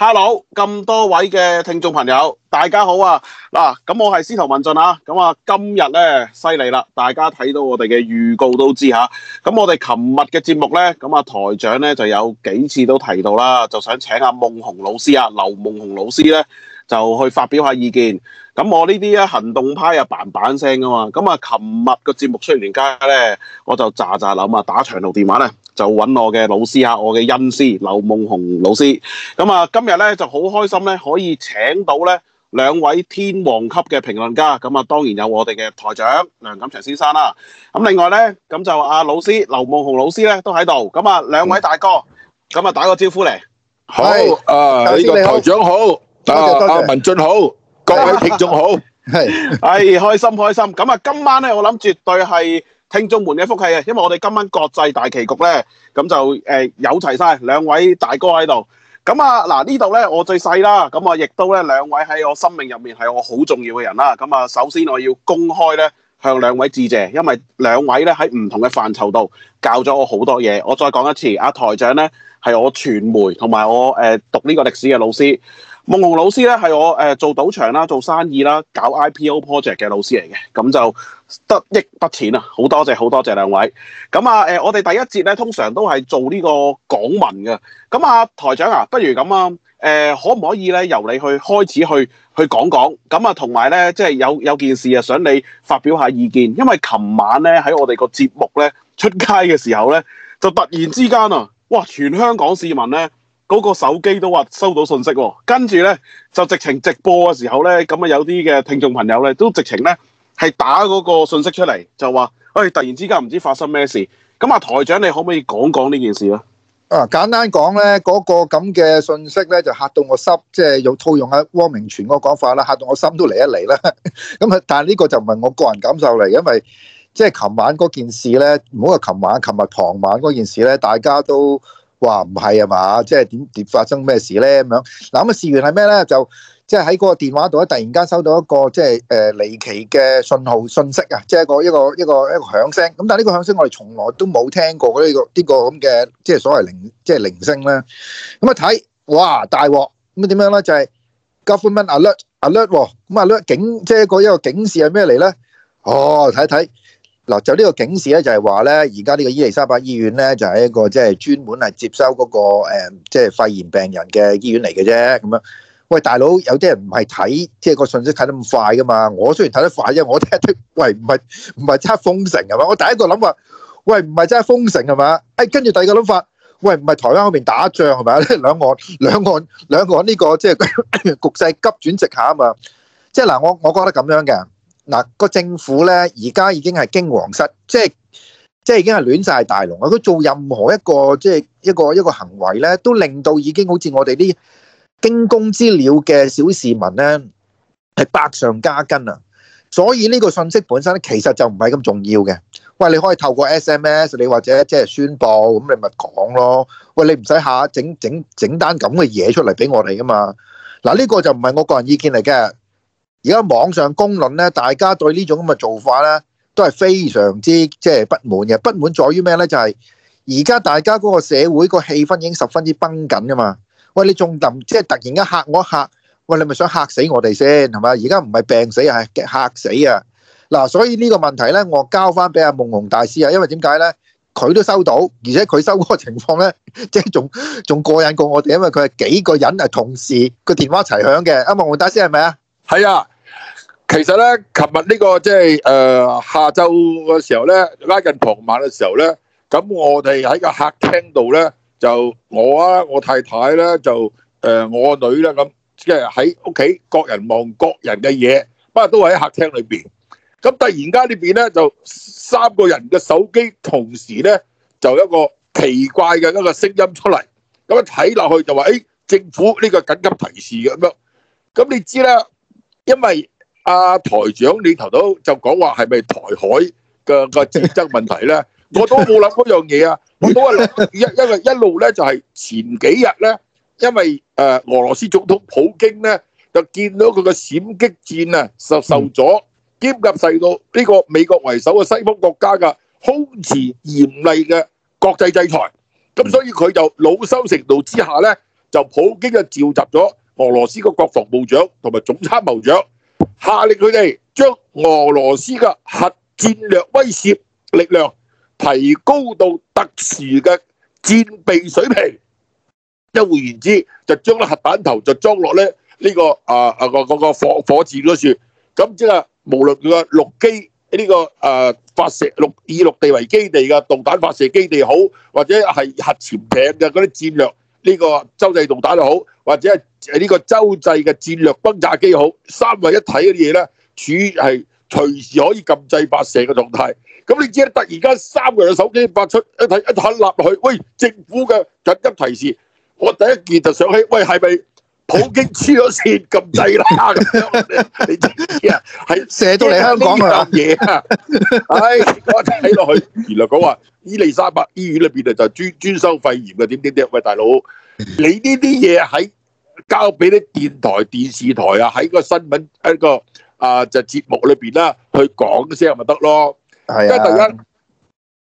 hello，咁多位嘅聽眾朋友，大家好啊！嗱、啊，咁、啊啊啊、我係司徒文俊啊，咁啊，啊今日咧犀利啦，大家睇到我哋嘅預告都知吓，咁、啊啊、我哋琴日嘅節目咧，咁啊台長咧就有幾次都提到啦，就想請阿夢熊老師啊，劉夢熊老師咧就去發表下意見。咁、啊、我呢啲啊行動派又板板聲噶嘛，咁啊琴日嘅節目出完街咧，我就咋咋諗啊打長途電話咧。就揾我嘅老師嚇，我嘅恩師劉夢熊老師。咁啊，今日咧就好開心咧，可以請到咧兩位天王級嘅評論家。咁啊，當然有我哋嘅台長梁錦祥先生啦。咁另外咧，咁就阿老師劉夢熊老師咧都喺度。咁啊，兩位大哥，咁啊打個招呼嚟。好啊，呢個台長好，阿文進好，各位聽眾好，係，唉，開心開心。咁啊，今晚咧，我諗絕對係，聽眾們嘅福氣啊！因為我哋今晚國際大棋局咧，咁就誒、呃、有齊晒兩位大哥喺度。咁啊，嗱呢度咧我最細啦，咁啊，亦都咧兩位喺我生命入面係我好重要嘅人啦。咁啊，首先我要公開咧向兩位致謝，因為兩位咧喺唔同嘅範疇度教咗我好多嘢。我再講一次，啊，台長咧係我傳媒同埋我誒、呃、讀呢個歷史嘅老師。夢熊老師咧係我做賭場啦、做生意啦、搞 IPO project 嘅老師嚟嘅，咁就得益不淺啊！好多謝好多謝兩位。咁啊、呃、我哋第一節咧通常都係做呢個講文嘅。咁啊台長啊，不如咁啊誒、呃，可唔可以咧由你去開始去去講講？咁啊同埋咧，即係有、就是、有，有件事啊，想你發表下意見。因為琴晚咧喺我哋個節目咧出街嘅時候咧，就突然之間啊，哇！全香港市民咧～嗰個手機都話收到信息喎，跟住呢就直情直播嘅時候呢，咁啊有啲嘅聽眾朋友呢都直情呢係打嗰個信息出嚟，就話，哎，突然之間唔知發生咩事。咁啊，台長你可唔可以講講呢件事咧？啊，簡單講呢，嗰個咁嘅信息呢就嚇到我心，即係用套用阿汪明荃個講法啦，嚇到我心都離一離啦。咁啊，但係呢個就唔係我個人感受嚟，因為即係琴晚嗰件事呢，唔好話琴晚，琴日傍晚嗰件事呢，大家都。哇，唔係啊嘛，即係點點發生咩事咧咁樣？嗱咁啊，事緣係咩咧？就即係喺嗰個電話度咧，突然間收到一個即係誒離奇嘅信號信息啊！即係一個一個一個一個響聲。咁但係呢個響聲，我哋從來都冇聽過呢個呢個咁嘅即係所謂鈴即係鈴聲咧。咁啊睇，哇大鑊！咁啊點樣咧？就係 government alert alert 喎。咁啊 alert 警即係個一個警示係咩嚟咧？哦，睇睇。嗱，就呢個警示咧，就係話咧，而家呢個伊利沙伯醫院咧，就係一個即係專門係接收嗰個即係肺炎病人嘅醫院嚟嘅啫。咁樣，喂，大佬有啲人唔係睇，即係個信息睇得咁快噶嘛？我雖然睇得快，因為我睇一睇，喂，唔係唔係真係封城啊嘛？我第一個諗法，喂，唔係真係封城係嘛？誒，跟住第二個諗法，喂，唔係台灣嗰邊打仗係咪？兩岸兩岸兩岸呢個即係局勢急轉直下啊嘛！即係嗱，我我覺得咁樣嘅。嗱，個政府咧，而家已經係驚惶失，即係即係已經係亂晒大龍啊！佢做任何一個即係、即係、一個一個行為咧，都令到已經好似我哋啲驚弓之鳥嘅小市民咧，係百上加斤啊！所以呢個信息本身咧，其實就唔係咁重要嘅。喂，你可以透過 SMS，你或者即係宣佈，咁你咪講咯。喂，你唔使下整整整單咁嘅嘢出嚟俾我哋噶嘛？嗱，呢個就唔係我個人意見嚟嘅。而家網上公論咧，大家對呢種咁嘅做法咧，都係非常之即係不滿嘅。不滿在於咩咧？就係而家大家嗰個社會個氣氛已經十分之繃緊噶嘛。喂，你仲能即係突然間嚇我一嚇？喂，你咪想嚇死我哋先係嘛？而家唔係病死啊，係嚇死啊。嗱，所以呢個問題咧，我交翻俾阿夢熊大師啊。因為點解咧？佢都收到，而且佢收嗰個情況咧，即係仲仲過癮過我哋，因為佢係幾個人係同時個電話一齊響嘅。阿夢熊大師係咪啊？係啊，其實咧，琴日呢個即係誒下晝嘅時候咧，拉近傍晚嘅時候咧，咁我哋喺個客廳度咧，就我啊，我太太咧，就誒我女啦，咁即係喺屋企各人望各人嘅嘢，不過都喺客廳裏邊。咁突然間呢邊咧，就三個人嘅手機同時咧，就一個奇怪嘅一個聲音出嚟。咁啊睇落去就話誒，政府呢個緊急提示嘅咁樣。咁你知啦。因為阿台長你頭到就講話係咪台海嘅個戰爭問題咧，我都冇諗嗰樣嘢啊！我都係因為一路咧就係前幾日咧，因為誒俄羅斯總統普京咧就見到佢嘅閃擊戰啊受受咗，兼及受到呢個美國為首嘅西方國家嘅空前嚴厲嘅國際制裁，咁所以佢就老羞成怒之下咧，就普京就召集咗俄羅斯個國防部長同埋總參謀長下令佢哋將俄羅斯嘅核戰略威懾力量提高到特殊嘅戰備水平。一換言之，就將啲核彈頭就裝落咧呢個啊啊個嗰個火火箭嗰處。咁即係無論佢嘅陸基呢個啊發射陸以陸地為基地嘅導彈發射基地好，或者係核潛艇嘅嗰啲戰略。呢、這個洲際導彈都好，或者係呢個洲際嘅戰略轟炸機好，三位一體嗰啲嘢咧，處於係隨時可以撳掣發射嘅狀態。咁你知，係突然間三個人手機發出一睇一撻落去，喂，政府嘅緊急提示，我第一件就想起，喂係咪？是不是普京黐咗線，咁滯啦咁樣，你知唔知啊？係 射到嚟香港搞嘢啊！唉、 哎，我睇落去原來講話伊利沙伯醫院裏邊啊，就專專收肺炎嘅，點點點？喂，大佬，你呢啲嘢喺交俾啲電台、電視台啊，喺個新聞一個啊，就、呃、節目裏邊啦，去講聲咪得咯。係啊，大家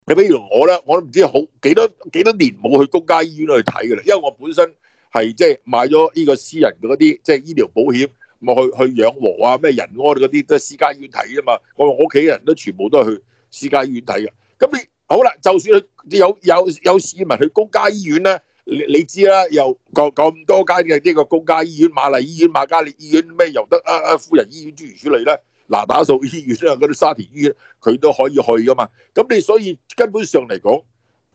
你比如我咧，我都唔知好幾多幾多年冇去公家醫院去睇噶啦，因為我本身。係即係買咗呢個私人嗰啲，即係醫療保險，咁去去養和啊咩仁安嗰啲都係私家醫院睇啊嘛。我我屋企人都全部都係去私家醫院睇嘅。咁你好啦，就算有有有，有市民去公家醫院咧，你你知啦，又咁咁多間嘅呢個公家醫院，瑪麗醫院、瑪嘉烈醫院咩，尤德啊啊夫人醫院諸如此類咧。嗱，打素醫院啊，嗰啲沙田醫院佢都可以去噶嘛。咁你所以根本上嚟講，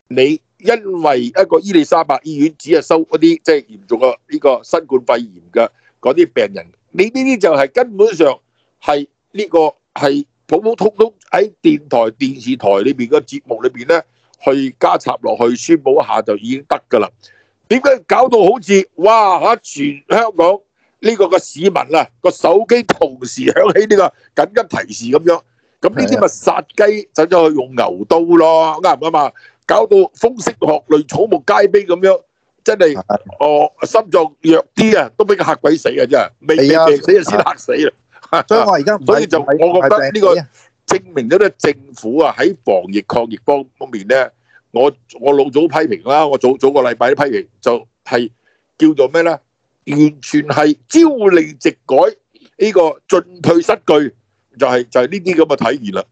你。因為一個伊利沙伯醫院只係收嗰啲即係嚴重嘅呢個新冠肺炎嘅嗰啲病人，你呢啲就係根本上係呢個係普普通通喺電台、電視台裏邊嘅節目裏邊咧去加插落去宣佈一下就已經得㗎啦。點解搞到好似哇嚇全香港呢個個市民啊個手機同時響起呢個緊急提示咁樣？咁呢啲咪殺雞走咗去用牛刀咯，啱唔啱啊？搞到風聲鶴唳，草木皆兵咁樣，真係哦，心臟弱啲啊，都俾佢嚇鬼死啊！真係未病死就先嚇死啦。所以我而家所以就我覺得呢個證明咗咧，政府啊喺防疫抗疫方方面咧，我我老早批評啦，我早早個禮拜都批評，就係叫做咩咧，完全係朝令夕改呢個進退失據，就係就係呢啲咁嘅體現啦。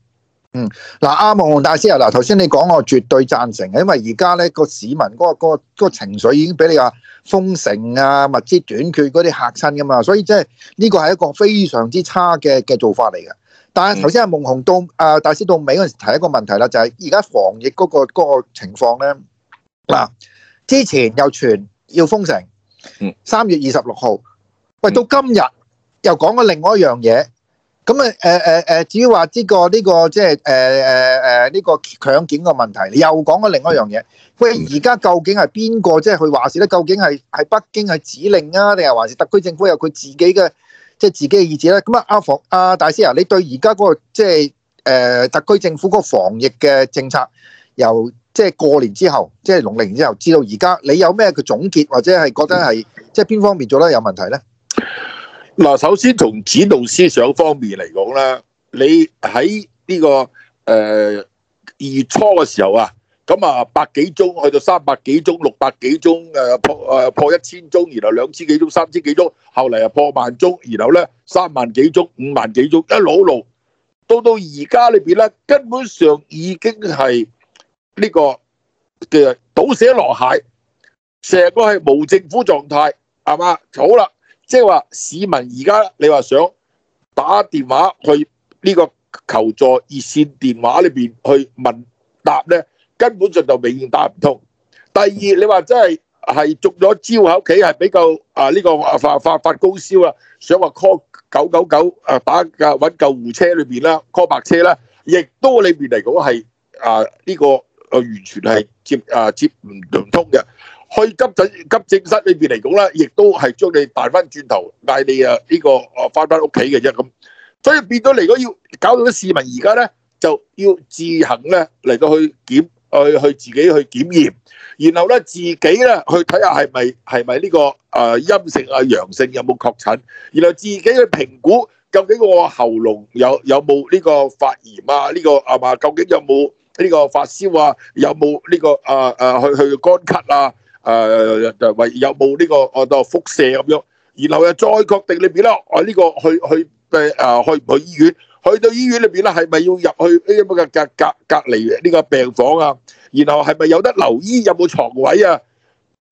嗯，嗱阿夢熊大師啊，嗱頭先你講我絕對贊成嘅，因為而家咧個市民嗰個嗰個嗰個情緒已經俾你話封城啊物資短缺嗰啲吓親噶嘛，所以即係呢個係一個非常之差嘅嘅做法嚟嘅。但係頭先阿夢熊到啊大師到尾嗰陣時提一個問題啦，就係而家防疫嗰個嗰個情況咧，嗱、啊、之前又傳要封城，三月二十六號，喂到今日又講咗另外一樣嘢。咁啊，誒誒誒，至於話呢個呢個即係誒誒誒呢個強檢個問題，你又講咗另一樣嘢。喂，而家究竟係邊個即係佢話事咧？究竟係係北京係指令啊，定係還是特區政府有佢自己嘅即係自己嘅意志咧？咁啊，阿房阿大師啊，你對而家嗰個即係誒特區政府嗰個防疫嘅政策，由即係過年之後，即係農曆年之後至到而家，你有咩嘅總結，或者係覺得係即係邊方面做得有問題咧？嗱，首先從指導思想方面嚟講咧，你喺呢個誒二月初嘅時候啊，咁啊百幾宗去到三百幾宗、六百幾宗，誒破誒破一千宗，然後兩千幾宗、三千幾宗，後嚟又破萬宗，然後咧三萬幾宗、五萬幾宗，一路路到到而家裏邊咧，根本上已經係呢個嘅倒瀉籮蟹，成個係無政府狀態，係嘛？好啦。即係話市民而家你話想打電話去呢個求助熱線電話裏邊去問答咧，根本上就永遠打唔通。第二，你話真係係續咗招喺屋企係比較啊呢個發發發高燒啊，想話 call 九九九啊打架揾救護車裏邊啦，call 白車啦，亦都裏邊嚟講係啊呢個啊完全係接啊接唔唔通嘅。去急症急症室裏面呢邊嚟講咧，亦都係將你帶翻轉頭嗌你啊呢、這個啊翻翻屋企嘅啫咁，所以變咗嚟講要搞到啲市民而家咧就要自行咧嚟到去檢去去自己去檢驗，然後咧自己咧去睇下係咪係咪呢個啊、呃、陰性啊陽性有冇確診，然後自己去評估究竟我喉嚨有有冇呢個發炎啊？呢、這個係嘛？究竟有冇呢個發燒啊？有冇呢、這個啊啊、呃、去去乾咳啊？誒就為有冇呢、這個我當輻射咁樣，然後又再確定裏邊啦。我、啊、呢、這個去去誒啊、呃、去唔去醫院？去到醫院裏邊啦，係咪要入去呢？咁嘅隔隔隔離呢個病房啊？然後係咪有得留醫？有冇床位啊？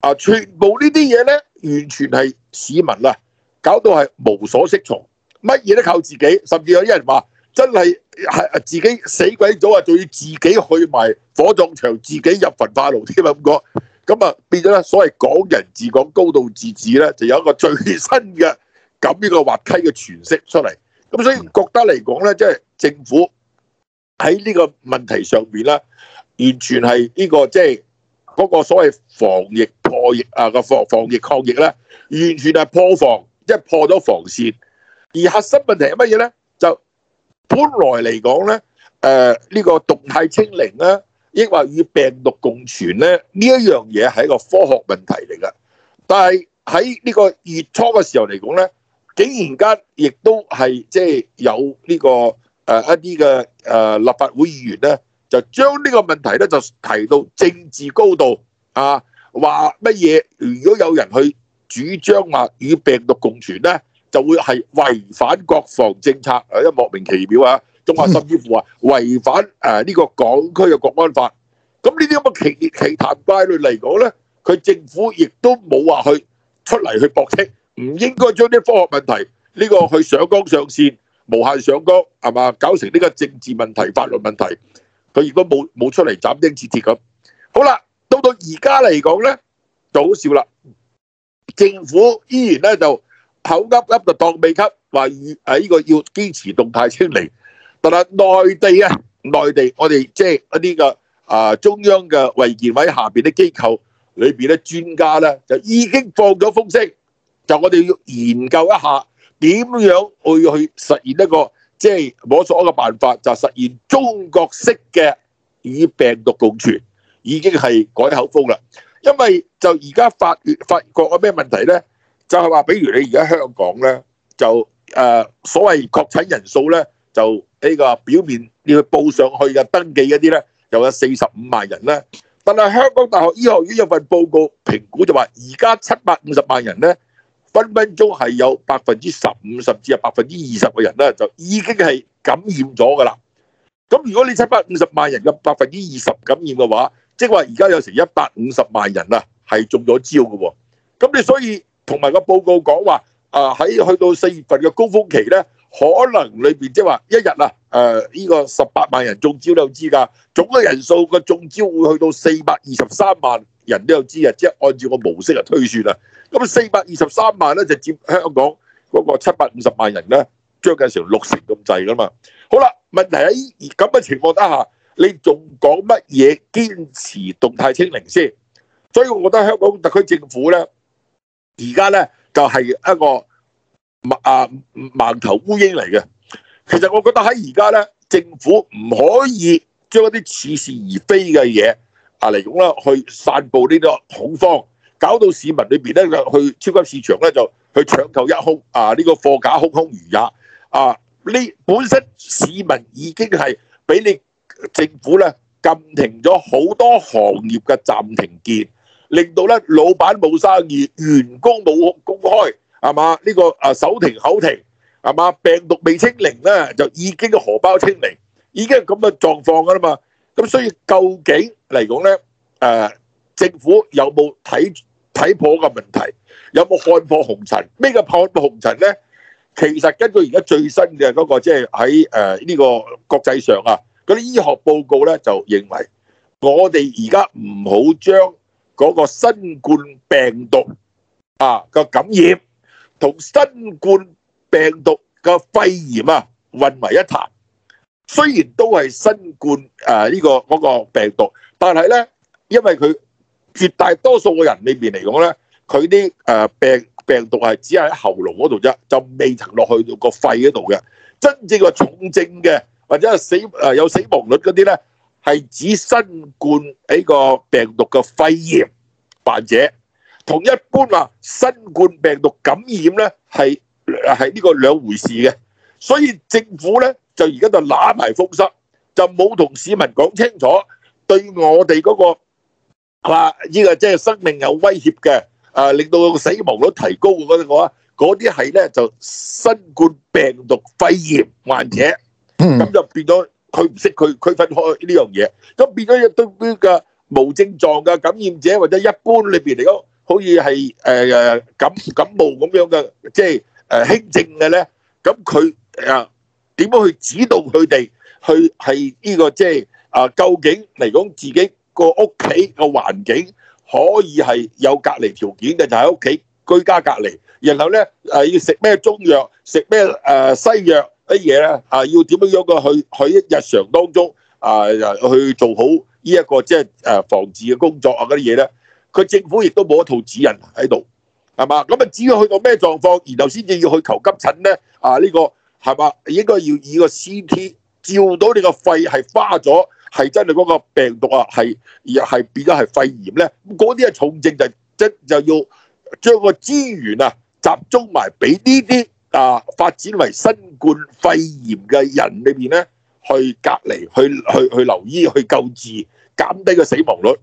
啊，全部呢啲嘢咧，完全係市民啊，搞到係無所適從，乜嘢都靠自己。甚至有啲人話：真係係自己死鬼咗啊，仲要自己去埋火葬場，自己入焚化爐添啊！咁講。咁啊，變咗咧，所謂港人治港、高度自治咧，就有一個最新嘅咁呢個滑稽嘅詮釋出嚟。咁所以覺得嚟講咧，即係政府喺呢個問題上面咧，完全係呢個即係嗰個所謂防疫破疫啊嘅防防疫抗疫咧，完全係破防，即係破咗防線。而核心問題係乜嘢咧？就本來嚟講咧，誒呢個動態清零咧。亦或與病毒共存咧，呢一樣嘢係一個科學問題嚟噶。但係喺呢個月初嘅時候嚟講咧，竟然間亦都係即係有呢、這個誒一啲嘅誒立法會議員咧，就將呢個問題咧就提到政治高度啊，話乜嘢？如果有人去主張話與病毒共存咧，就會係違反國防政策啊！一莫名其妙啊！仲話甚至乎話違反誒呢、呃這個港區嘅國安法，咁呢啲咁嘅奇奇談怪論嚟講咧，佢政府亦都冇話去出嚟去駁斥，唔應該將啲科學問題呢、這個去上綱上線無限上綱，係嘛，搞成呢個政治問題、法律問題，佢如果冇冇出嚟斬釘截鐵咁，好啦，到到而家嚟講咧就好笑啦，政府依然咧就口噏噏就當秘笈，話誒呢個要堅持動態清零。但係內地，內地、這個、啊，內地我哋即係一啲嘅啊中央嘅衞健委下邊啲機構裏邊咧，專家咧就已經放咗風聲，就我哋要研究一下點樣去去實現一個即係摸索一個辦法，就實現中國式嘅與病毒共存，已經係改口風啦。因為就而家發、發覺有咩問題咧，就係話，比如你而家香港咧就誒、啊、所謂確診人數咧。就呢個表面要報上去嘅登記嗰啲咧，又有四十五萬人咧。但係香港大學醫學院有份報告評估就話，而家七百五十萬人咧，分分鐘係有百分之十五甚至啊百分之二十嘅人咧，就已經係感染咗㗎啦。咁如果你七百五十萬人有百分之二十感染嘅話，即係話而家有成一百五十萬人啊，係中咗招㗎喎、哦。咁你所以同埋個報告講話啊，喺去到四月份嘅高峰期咧，可能裏邊即係話一日啊，誒呢個十八萬人中招都有知噶，總嘅人數個中招會去到四百二十三萬人都有知啊，即係按照個模式嚟推算啊，咁四百二十三萬咧就佔香港嗰個七百五十萬人咧，將近成六成咁滯噶嘛。好啦，問題喺咁嘅情況底下，你仲講乜嘢堅持動態清零先？所以我覺得香港特區政府咧，而家咧就係一個。啊！盲頭烏蠅嚟嘅，其實我覺得喺而家呢，政府唔可以將一啲似是而非嘅嘢啊嚟去散佈呢個恐慌，搞到市民裏面咧去超級市場呢就去搶購一空，啊！呢、這個貨架空，空空如也，啊！呢本身市民已經係俾你政府咧禁停咗好多行業嘅暫停鍵，令到呢老闆冇生意，員工冇工開。係嘛？呢個啊手停口停，係嘛？病毒未清零咧，就已經荷包清零，已經咁嘅狀況㗎啦嘛。咁所以究竟嚟講咧，誒政府有冇睇睇破個問題？有冇看破紅塵？咩叫看破紅塵咧？其實根據而家最新嘅嗰個即係喺誒呢個國際上啊，嗰啲醫學報告咧就認為，我哋而家唔好將嗰個新冠病毒啊個感染。同新冠病毒嘅肺炎啊混為一談，雖然都係新冠誒呢、呃這個嗰、那個病毒，但係咧，因為佢絕大多數嘅人裏面嚟講咧，佢啲誒病病毒係只係喺喉嚨嗰度啫，就未曾落去到個肺嗰度嘅。真正嘅重症嘅或者係死誒有、呃、死亡率嗰啲咧，係指新冠喺個病毒嘅肺炎患者。同一般話新冠病毒感染咧，係係呢個兩回事嘅。所以政府咧就而家就攬埋風濕，就冇同市民講清楚，對我哋嗰個係嘛呢個即係生命有威脅嘅，誒令到個死亡率提高嗰啲話，嗰啲係咧就新冠病毒肺炎患者，咁就變咗佢唔識佢區分開呢樣嘢，咁變咗一堆無症狀嘅感染者或者一般裏邊嚟講。可以係誒誒感感冒咁樣嘅，即係誒輕症嘅咧，咁佢啊點樣去指導佢哋去係呢個即係啊？究竟嚟講自己個屋企個環境可以係有隔離條件嘅就喺屋企居家隔離？然後咧誒要食咩中藥、食咩誒西藥啲嘢咧？啊要點樣樣嘅去喺日常當中啊去做好呢一個即係誒防治嘅工作啊嗰啲嘢咧？佢政府亦都冇一套指引喺度，係嘛咁啊？只要去到咩狀況，然後先至要去求急診咧啊？呢、這個係嘛應該要以個 CT 照到你個肺係花咗係真係嗰個病毒啊，係而係變咗係肺炎咧。咁嗰啲係重症就即就，就要將個資源啊集中埋俾呢啲啊發展為新冠肺炎嘅人裏邊咧去隔離，去去去，去留醫，去救治，減低個死亡率。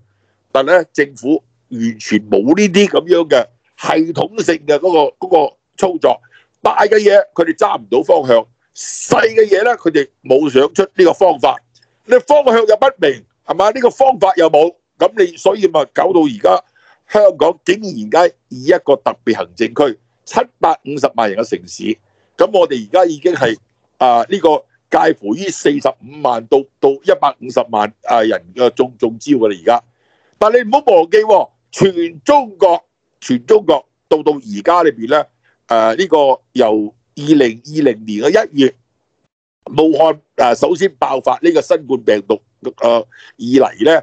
但係咧政府。完全冇呢啲咁樣嘅系統性嘅嗰個嗰個操作，大嘅嘢佢哋揸唔到方向，細嘅嘢咧佢哋冇想出呢個方法，你方向又不明，係嘛？呢個方法又冇，咁你所以咪搞到而家香港竟然而家以一個特別行政區七百五十萬人嘅城市，咁我哋而家已經係啊呢個介乎於四十五萬到到一百五十萬啊人嘅中中招㗎啦而家，但係你唔好忘記喎。全中國，全中國到到而家裏邊咧，誒、呃、呢、這個由二零二零年嘅一月，武漢誒、呃、首先爆發呢個新冠病毒誒、呃，以嚟咧，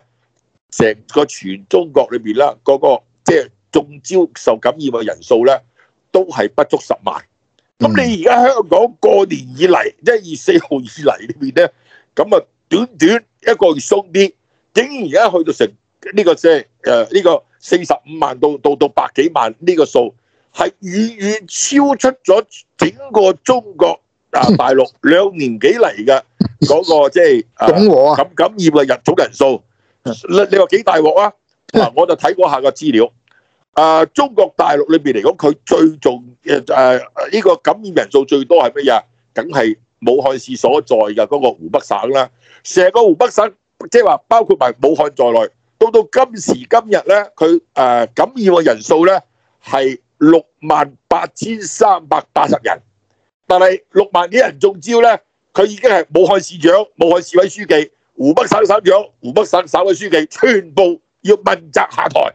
成個全中國裏邊啦，嗰、那個即係中招受感染嘅人數咧，都係不足十萬。咁、嗯、你而家香港過年以嚟，一月四號以嚟裏邊咧，咁啊短短一個月鬆啲，竟然而家去到成呢個即係誒呢個。呃這個四十五萬到到到百幾萬呢個數係遠遠超出咗整個中國啊大陸兩年幾嚟嘅嗰個即係感我啊感感染嘅人總人數，你你話幾大鑊啊？嗱，我就睇過下個資料。啊，中國大陸裏邊嚟講，佢最重嘅誒呢個感染人數最多係乜嘢？梗係武漢市所在嘅嗰個湖北省啦，成個湖北省即係話包括埋武漢在內。到到今時今日咧，佢誒感染嘅人數咧係六萬八千三百八十人，但係六萬幾人中招咧，佢已經係武漢市長、武漢市委書記、湖北省省長、湖北省省委書記，全部要問責下台。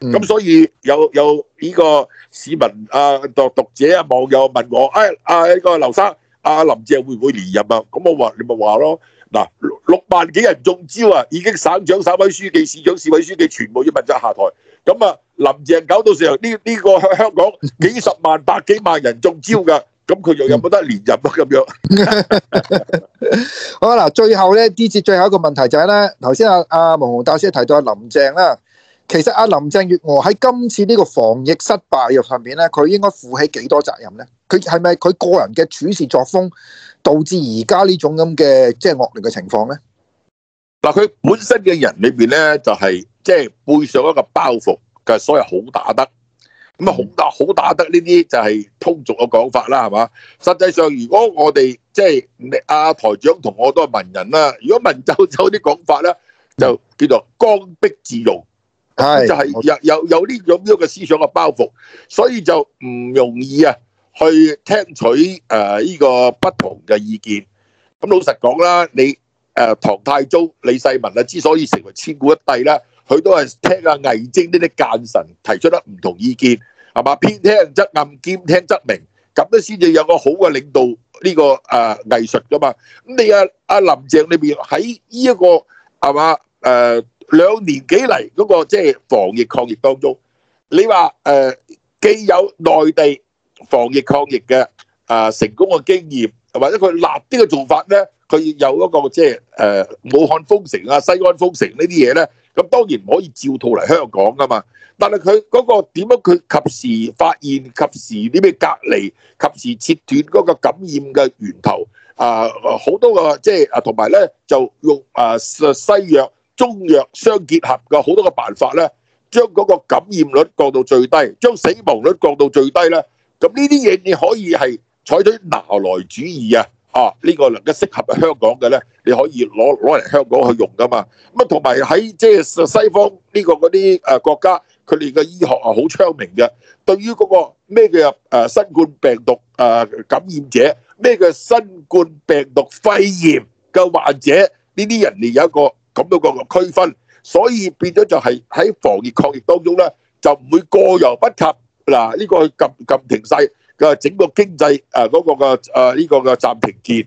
咁所以有有呢個市民啊讀讀者啊網友問我：誒啊呢個劉生、阿林鄭會唔會連任啊？咁我話你咪話咯。嗱六六萬幾人中招啊！已經省長、省委書記、市長、市委書記全部要問責下台。咁、嗯、啊，林鄭搞到成呢呢個香港幾十萬百幾萬人中招㗎。咁、嗯、佢、嗯、又有冇得連任啊咁樣。 好啦，最後咧呢節最後一個問題就係咧，頭先阿阿夢熊大師提到阿、啊、林鄭啦，其實阿、啊、林鄭月娥喺今次呢個防疫失敗入上面咧，佢應該負起幾多責任咧？佢係咪佢個人嘅處事作風？導致而家呢種咁嘅即係惡劣嘅情況咧，嗱佢本身嘅人裏邊咧就係即係背上一個包袱嘅，所謂好打得咁啊，好打好打得呢啲就係通俗嘅講法啦，係嘛？實際上如果我哋即係阿台長同我都係文人啦，如果文縐縐啲講法咧、嗯，就叫做剛愎自用，係就係、是、有有有呢種咁樣嘅思想嘅包袱，所以就唔容易啊。去聽取誒呢個不同嘅意見，咁老實講啦，你誒唐太宗李世民啊，之所以成為千古一帝啦，佢都係聽阿魏徵呢啲諫臣提出得唔同意見，係嘛？偏聽則暗，兼聽則明，咁都先至有個好嘅領導呢個誒藝術㗎嘛。咁你阿阿林鄭裏面喺呢一個係嘛誒兩年幾嚟嗰個即係防疫抗疫當中，你話誒既有內地。防疫抗疫嘅啊、呃、成功嘅經驗，或者佢立啲嘅做法咧，佢有嗰個即係誒武漢封城啊、西安封城呢啲嘢咧，咁當然唔可以照套嚟香港㗎嘛。但係佢嗰個點樣佢及時發現、及時呢啲隔離、及時切斷嗰個感染嘅源頭啊，好、呃、好多個即係啊，同埋咧就用啊、呃、西西藥、中藥相結合嘅好多個辦法咧，將嗰個感染率降到最低，將死亡率降到最低咧。咁呢啲嘢你可以係採取拿來主義啊！啊，呢個能夠適合香港嘅呢，你可以攞攞嚟香港去用㗎嘛。咁啊，同埋喺即係西方呢個嗰啲誒國家，佢哋嘅醫學啊好昌明嘅。對於嗰個咩叫誒新冠病毒誒感染者，咩叫新冠病毒肺炎嘅患者，呢啲人哋有一個咁樣個個區分，所以變咗就係喺防疫抗疫當中呢，就唔會過猶不及。嗱，呢個撳撳停晒嘅整個經濟誒嗰個嘅誒呢個嘅暫停鍵，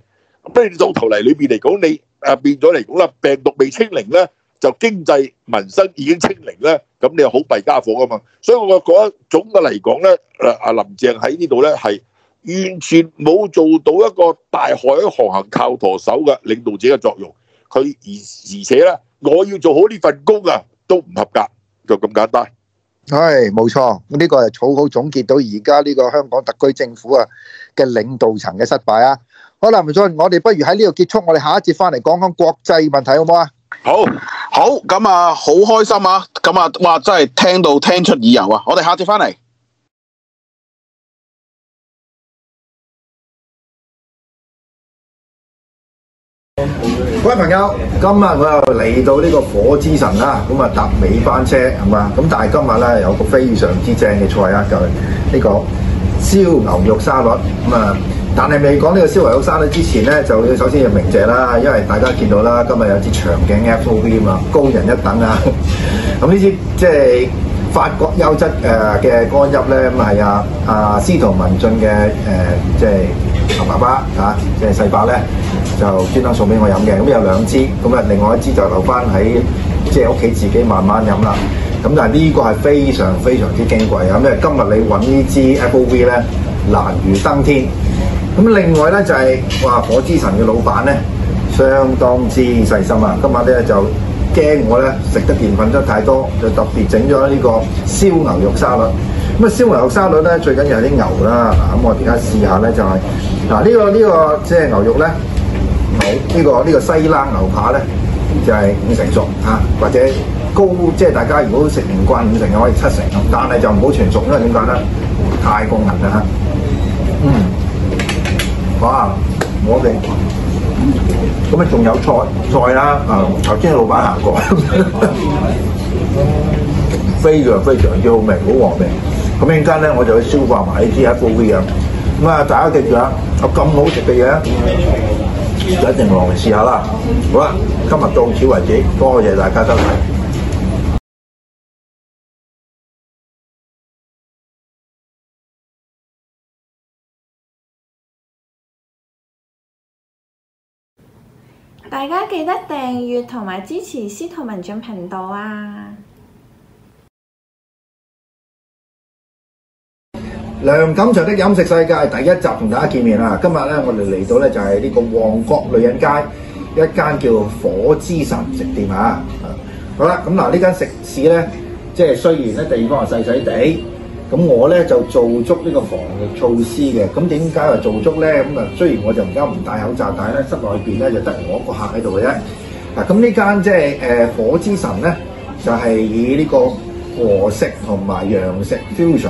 不如到頭嚟裏面嚟講，你誒變咗嚟講啦，病毒未清零咧，就經濟民生已經清零咧，咁你又好弊傢伙啊嘛！所以我覺得總嘅嚟講咧，阿阿林鄭喺呢度咧係完全冇做到一個大海航行靠舵手嘅領導者嘅作用，佢而而且咧，我要做好呢份工啊，都唔合格就咁簡單。係、哎，冇錯，呢、呢個係草好總結到而家呢個香港特區政府啊嘅領導層嘅失敗啊。好啦，文進，我哋不如喺呢度結束，我哋下一節翻嚟講講國際問題，好唔好啊？好好，咁啊，好開心啊，咁啊，哇，真係聽到聽出耳油啊！我哋下一節翻嚟。各位朋友，今日我又嚟到呢個火之神啦，咁啊，搭尾班車係嘛？咁但係今日咧有一個非常之正嘅菜啊，就係呢個燒牛肉沙律。咁啊，但係未講呢個燒牛肉沙律之前咧，就要首先要鳴謝啦，因為大家見到啦，今日有支長頸 FOV 嘛，高人一等啊。咁 呢支即係、就是、法國優質誒嘅乾邑咧，咁係啊啊司徒文進嘅誒即係。就是同爸爸、啊、即係細伯咧，就專登送俾我飲嘅。咁有兩支，咁啊，另外一支就留翻喺即係屋企自己慢慢飲啦。咁但係呢個係非常非常之矜貴啊！因為今日你揾呢支 Apple V 咧難如登天。咁另外咧就係、是、哇，火之神嘅老闆咧，相當之細心啊！今晚咧就驚我咧食得澱粉質太多，就特別整咗呢個燒牛肉沙律。咁啊，燒牛肉沙律咧最緊要係啲牛啦。咁我而家試下咧就係、是。嗱、這個，呢、這個呢個即係牛肉咧，牛呢、這個呢、這個西冷牛扒咧，就係、是、五成熟嚇、啊，或者高，即、就、係、是、大家如果食唔慣五成，可以七成，但係就唔好全熟，因為點解咧？太過韌啦嚇。嗯，哇，我哋咁啊，仲有菜菜啦，啊、嗯，頭先老闆行過，呵呵嗯、非常非常之好味，很好和味。咁一陣間咧，我就去消化埋呢啲一副嘢。咁大家記住啦，有咁好食嘅嘢，大家一定試試一下好啦，今日到此為止，多謝大家收睇。大家記得訂閱同埋支持司徒文進頻道啊！梁錦祥的飲食世界第一集同大家見面啦！今日咧我哋嚟到咧就係、是、呢個旺角女人街一間叫火之神食店啊！好啦，咁嗱呢間食肆咧，即係雖然咧地方係細細地，咁我咧就做足呢個防疫措施嘅。咁點解話做足咧？咁啊雖然我就而家唔戴口罩，但係咧室內邊咧就得我一個客喺度嘅啫。嗱，咁呢間即係誒、呃、火之神咧，就係、是、以呢個和食同埋洋食 fusion。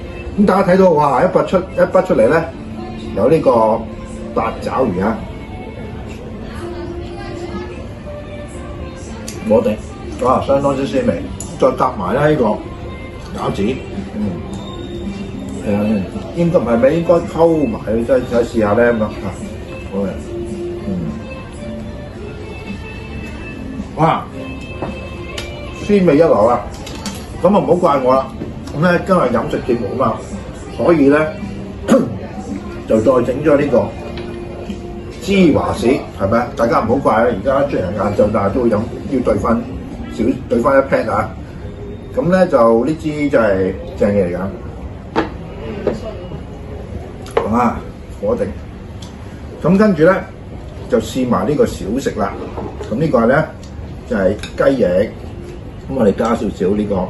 大家睇到哇，一筆出來一筆出嚟呢，有呢個八爪魚啊，我哋哇相當之鮮味，再搭埋呢個餃子，嗯，係、嗯、啊，應該唔係咪應該溝埋，再再試下咧咁啊，好嗯，哇、啊，鮮味一流啊，咁啊唔好怪我啦。咁咧今日飲食節目啊嘛，所以咧就再整咗呢個芝華士，係咪啊？大家唔好怪啊！而家出人晏晝，但係都會飲，要對翻少，兌翻一 pat 啊！咁咧就呢支就係正嘢嚟㗎，係嘛？火定。咁跟住咧就試埋呢個小食啦。咁呢個咧就係、是、雞翼，咁我哋加少少呢、這個。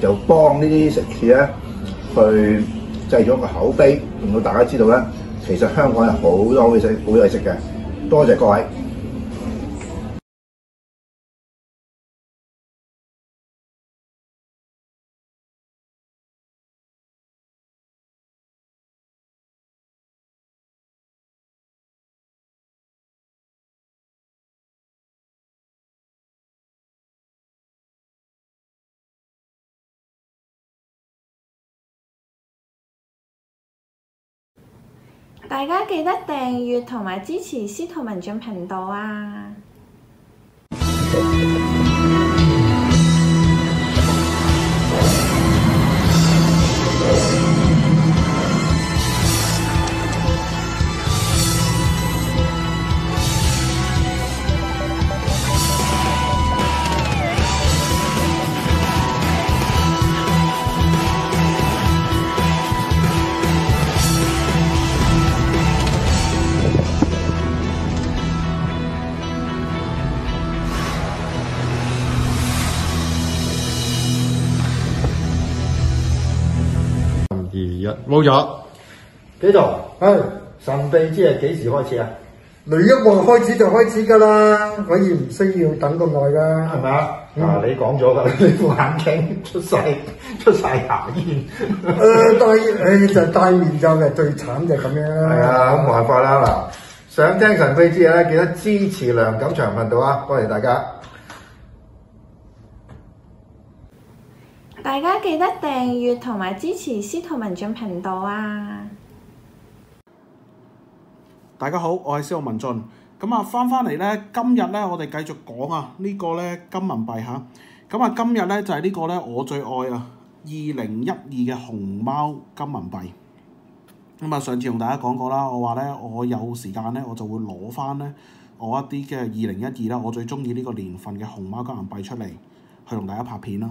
就幫這些呢啲食肆咧，去製造個口碑，令到大家知道呢，其實香港好多好很有好多嘅食好嘢食嘅。多謝各位。大家記得訂閱同埋支持司徒文進頻道啊！好咗幾度？哎，神秘之夜幾時開始啊？雷一望開始就開始㗎啦，可以唔需要等咁耐噶，係咪？嗯啊，你講咗啦，副眼鏡出世，出晒牙煙。誒、呃，戴、哎、就戴、是、面罩嘅最慘就咁樣。係啊，冇辦法啦嗱。想聽神秘之夜呢，記得支持梁錦祥頻道啊，多謝、謝大家。大家記得訂閱同埋支持司徒文進頻道啊！大家好，我係司徒文進。咁啊，返返嚟咧，今日咧，我哋繼續講啊呢個咧，金銀幣吓，咁啊，今日咧就係、是、呢個咧，我最愛啊！二零一二嘅熊貓金銀幣。咁啊，上次同大家講過啦，我話咧，我有時間咧，我就會攞返咧我一啲嘅二零一二啦，我最鍾意呢個年份嘅熊貓金銀幣出嚟，去同大家拍片啦。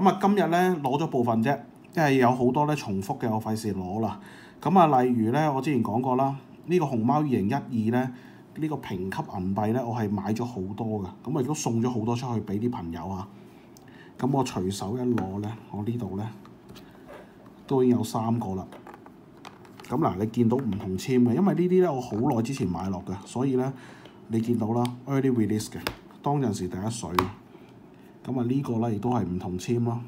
咁啊，今日咧攞咗部分啫，即係有好多咧重複嘅，我費事攞啦。咁啊，例如咧，我之前講過啦，呢、這個熊貓二零一二咧，呢個評級銀幣咧，我係買咗好多嘅。咁啊，亦都送咗好多出去俾啲朋友啊。咁我隨手一攞咧，我呢度咧，都已經有三個啦。咁嗱，你見到唔同簽嘅，因為呢啲咧我好耐之前買落嘅，所以咧你見到啦 early release 嘅，當陣時第一水。咁啊，呢個咧亦都係唔同簽咯。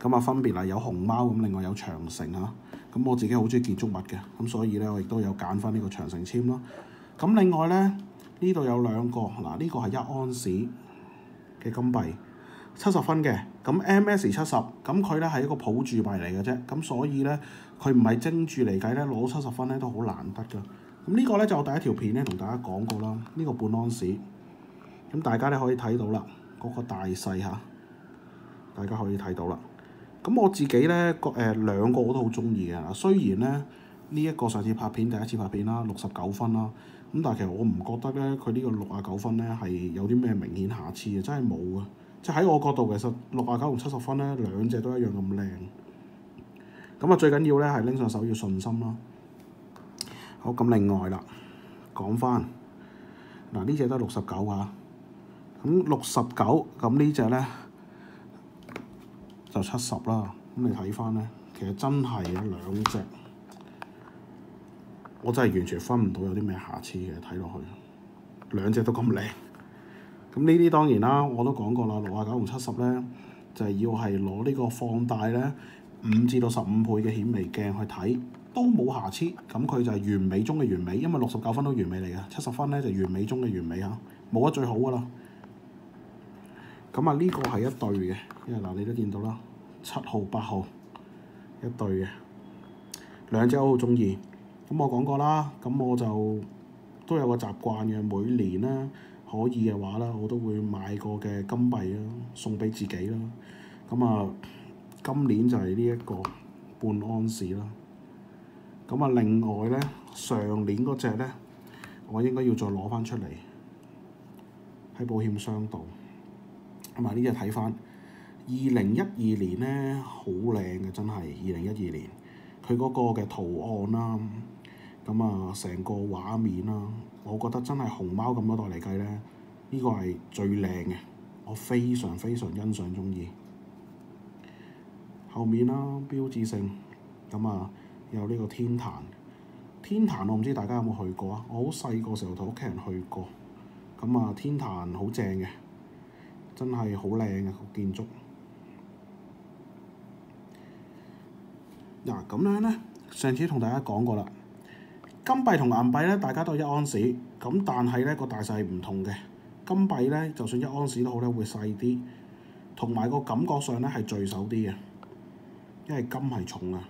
咁啊，分別啊有熊貓咁，另外有長城啊。咁我自己好中意建築物嘅，咁所以咧我亦都有揀翻呢個長城簽咯。咁另外咧呢度有兩個嗱，呢個係一安士嘅金幣，七十分嘅。咁 M S 七十，咁佢咧係一個普鑄幣嚟嘅啫。咁所以咧佢唔係精鑄嚟計咧，攞七十分咧都好難得㗎。咁呢個咧就我第一條片咧同大家講過啦，呢個半安士。咁大家咧可以睇到啦。嗰個大細嚇，大家可以睇到啦。咁我自己咧，個誒兩個我都好中意嘅。雖然咧呢一個上次拍片，第一次拍片啦，六十九分啦。咁但係其實我唔覺得咧，佢呢個六啊九分咧係有啲咩明顯瑕疵嘅，真係冇嘅。即係喺我角度其實六啊九同七十分咧兩隻都一樣咁靚。咁啊最緊要咧係拎上手要信心啦。好，咁另外啦，講翻嗱呢隻都係六十九啊。咁六十九咁呢隻呢，就七十啦。咁你睇翻呢，其實真係兩隻，我真係完全分唔到有啲咩瑕疵嘅。睇落去兩隻都咁靚，咁呢啲當然啦，我都講過啦，六啊九同七十呢，就係、是、要係攞呢個放大呢，五至到十五倍嘅顯微鏡去睇，都冇瑕疵。咁佢就係完美中嘅完美，因為六十九分都完美嚟嘅。七十分呢，就是、完美中嘅完美呀，冇得最好噶啦。咁啊，呢個係一對嘅，因為嗱，你都見到啦，七號八號一對嘅兩隻，我好中意。咁我講過啦，咁我就都有個習慣嘅，每年咧可以嘅話咧，我都會買過嘅金幣咯，送俾自己咯。咁啊，今年就係呢一個半安士啦。咁啊，另外咧，上年嗰隻咧，我應該要再攞翻出嚟喺保險箱度。同埋呢隻睇返，二零一二年咧，好靚嘅，真係，二零一二年佢嗰個嘅圖案啦，咁啊成個畫面啦，我覺得真係熊貓咁多代嚟計咧，呢個係最靚嘅，我非常非常欣賞鍾意。後面啦標誌性，咁啊有呢個天壇，天壇我唔知大家有冇去過啊，我好細個時候同屋企人去過，咁啊天壇好正嘅。真係好靚呀個建築。嗱，咁樣咧，上次同大家講過啦，金幣同銀幣咧，大家都係一安士，咁但係咧，個大細唔同嘅。金幣咧，就算一安士都好咧，會細啲，同埋個感覺上咧係聚手啲嘅，因為金係重啊。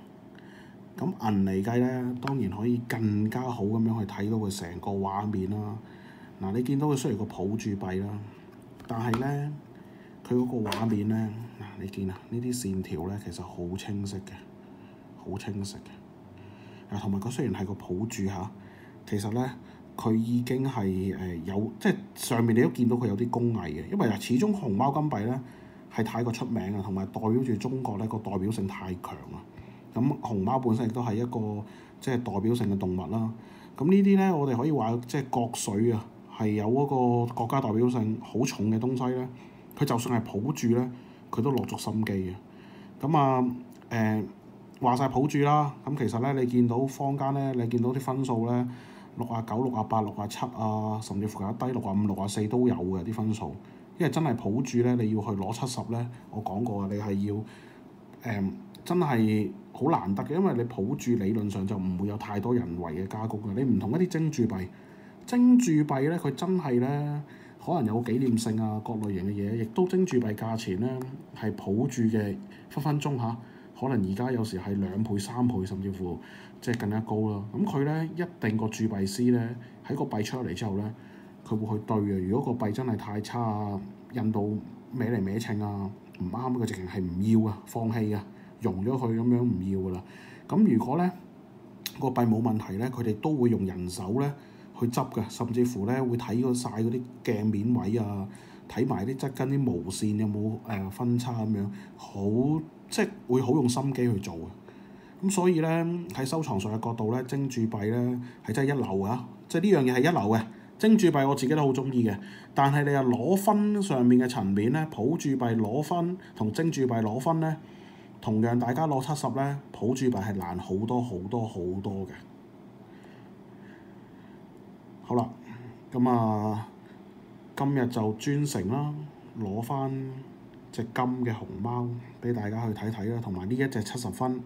咁銀嚟計咧，當然可以更加好咁樣去睇到佢成個畫面啦。嗱，你見到佢雖然個抱住幣啦。但係咧，佢嗰個畫面咧，嗱你見啊，呢啲線條咧其實好清晰嘅，好清晰嘅。啊，同埋佢雖然係個抱住吓，其實咧佢已經係誒有，即係上面你都見到佢有啲工藝嘅，因為啊始終熊貓金幣咧係太過出名啊，同埋代表住中國咧個代表性太強啊。咁熊貓本身亦都係一個即係代表性嘅動物啦。咁呢啲咧，我哋可以話即係國粹啊。係有嗰個國家代表性好重嘅東西咧，佢就算係普鑄咧，佢都落足心機嘅。咁啊，誒話晒普鑄啦。咁其實咧，你見到坊間咧，你見到啲分數咧，六啊九、六啊八、六啊七啊，甚至乎有低六啊五、六啊四都有嘅啲分數。因為真係普鑄咧，你要去攞七十咧，我講過嘅，你係要誒、嗯、真係好難得嘅，因為你普鑄理論上就唔會有太多人為嘅加工啦。你唔同一啲精鑄幣。精鑄幣咧，佢真係咧，可能有紀念性啊，各類型嘅嘢，亦都精鑄幣價錢咧係抱住嘅分分鐘嚇。可能而家有時係兩倍、三倍，甚至乎即係更加高啦。咁佢咧一定個鑄幣師咧喺個幣出嚟之後咧，佢會去對啊。如果個幣真係太差啊，印到歪嚟歪稱啊，唔啱，佢直情係唔要啊，放棄啊，融咗佢咁樣唔要噶啦。咁、嗯、如果咧個幣冇問題咧，佢哋都會用人手咧。去執㗎，甚至乎咧會睇嗰晒嗰啲鏡面位啊，睇埋啲側跟啲毛線有冇誒分叉咁樣，好即係會好用心機去做嘅。咁所以咧喺收藏上嘅角度咧，精鑄幣咧係真係一流啊！即係呢樣嘢係一流嘅。精鑄幣我自己都好中意嘅，但係你又攞分上面嘅層面咧，普鑄幣攞分同精鑄幣攞分咧，同樣大家攞七十咧，普鑄幣係難好多好多好多嘅。好啦，咁啊，今日就專程啦，攞翻隻金嘅熊貓俾大家去睇睇啦，同埋呢一隻七十分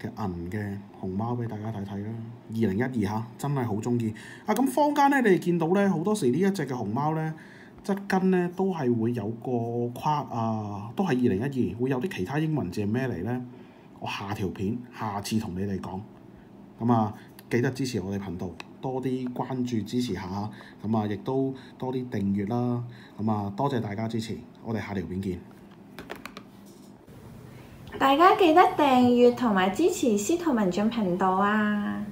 嘅銀嘅熊貓俾大家睇睇啦。二零一二嚇，真係好中意啊！咁坊間咧，你哋見到咧，好多時呢一隻嘅熊貓咧，質根咧都係會有個框啊，都係二零一二，會有啲其他英文字係咩嚟咧？我下條片下次同你哋講，咁啊。記得支持我哋頻道，多啲關注支持下，咁啊亦都多啲訂閱啦，咁啊多謝大家支持，我哋下條片見。大家記得訂閱同埋支持司徒文進頻道啊！